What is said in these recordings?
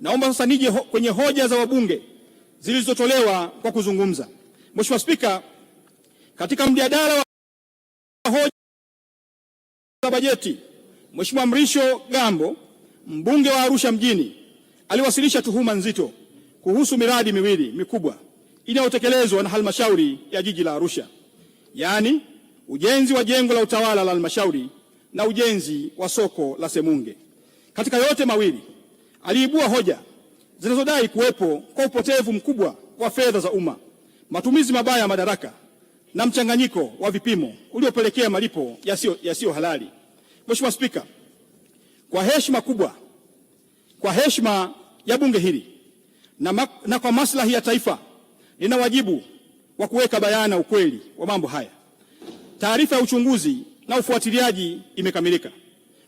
Naomba sasa nije ho kwenye hoja za wabunge zilizotolewa kwa kuzungumza. Mheshimiwa Spika, katika mjadala wa hoja za bajeti, Mheshimiwa Mrisho Gambo, mbunge wa Arusha mjini, aliwasilisha tuhuma nzito kuhusu miradi miwili mikubwa inayotekelezwa na halmashauri ya jiji la Arusha, yaani ujenzi wa jengo la utawala la halmashauri na ujenzi wa soko la Semunge. Katika yote mawili Aliibua hoja zinazodai kuwepo kwa upotevu mkubwa wa fedha za umma, matumizi mabaya ya madaraka na mchanganyiko wa vipimo uliopelekea malipo yasiyo yasiyo halali. Mheshimiwa Spika, kwa heshima kubwa, kwa heshima ya bunge hili na, ma, na kwa maslahi ya taifa, nina wajibu wa kuweka bayana ukweli wa mambo haya. Taarifa ya uchunguzi na ufuatiliaji imekamilika.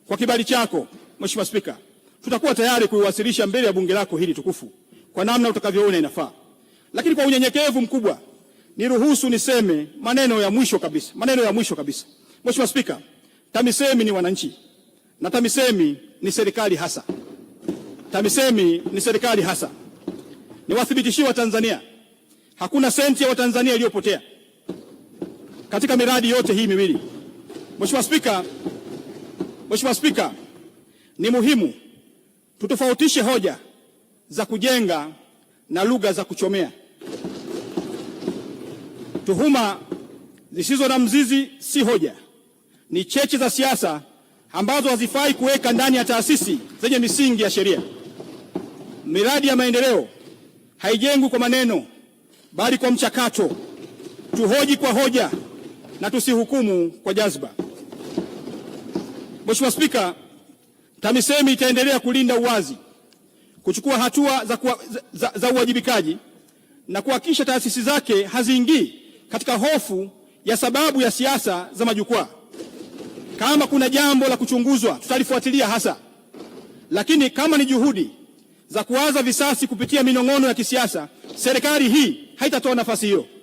Kwa kibali chako Mheshimiwa Spika, tutakuwa tayari kuiwasilisha mbele ya bunge lako hili tukufu kwa namna utakavyoona inafaa. Lakini kwa unyenyekevu mkubwa niruhusu niseme maneno ya mwisho kabisa, maneno ya mwisho kabisa. Mheshimiwa Spika, TAMISEMI ni wananchi na TAMISEMI ni serikali hasa, TAMISEMI ni serikali hasa. Niwathibitishie Watanzania hakuna senti ya Watanzania iliyopotea katika miradi yote hii miwili. Mheshimiwa Spika, Mheshimiwa Spika, ni muhimu Tutofautishe hoja za kujenga na lugha za kuchomea. Tuhuma zisizo na mzizi si hoja, ni cheche za siasa ambazo hazifai kuweka ndani ya taasisi zenye misingi ya sheria. Miradi ya maendeleo haijengwi kwa maneno, bali kwa mchakato. Tuhoji kwa hoja na tusihukumu kwa jazba. Mheshimiwa Spika, TAMISEMI itaendelea kulinda uwazi, kuchukua hatua za, kuwa, za, za uwajibikaji na kuhakikisha taasisi zake haziingii katika hofu ya sababu ya siasa za majukwaa. Kama kuna jambo la kuchunguzwa, tutalifuatilia hasa, lakini kama ni juhudi za kuwaza visasi kupitia minong'ono ya kisiasa, serikali hii haitatoa nafasi hiyo.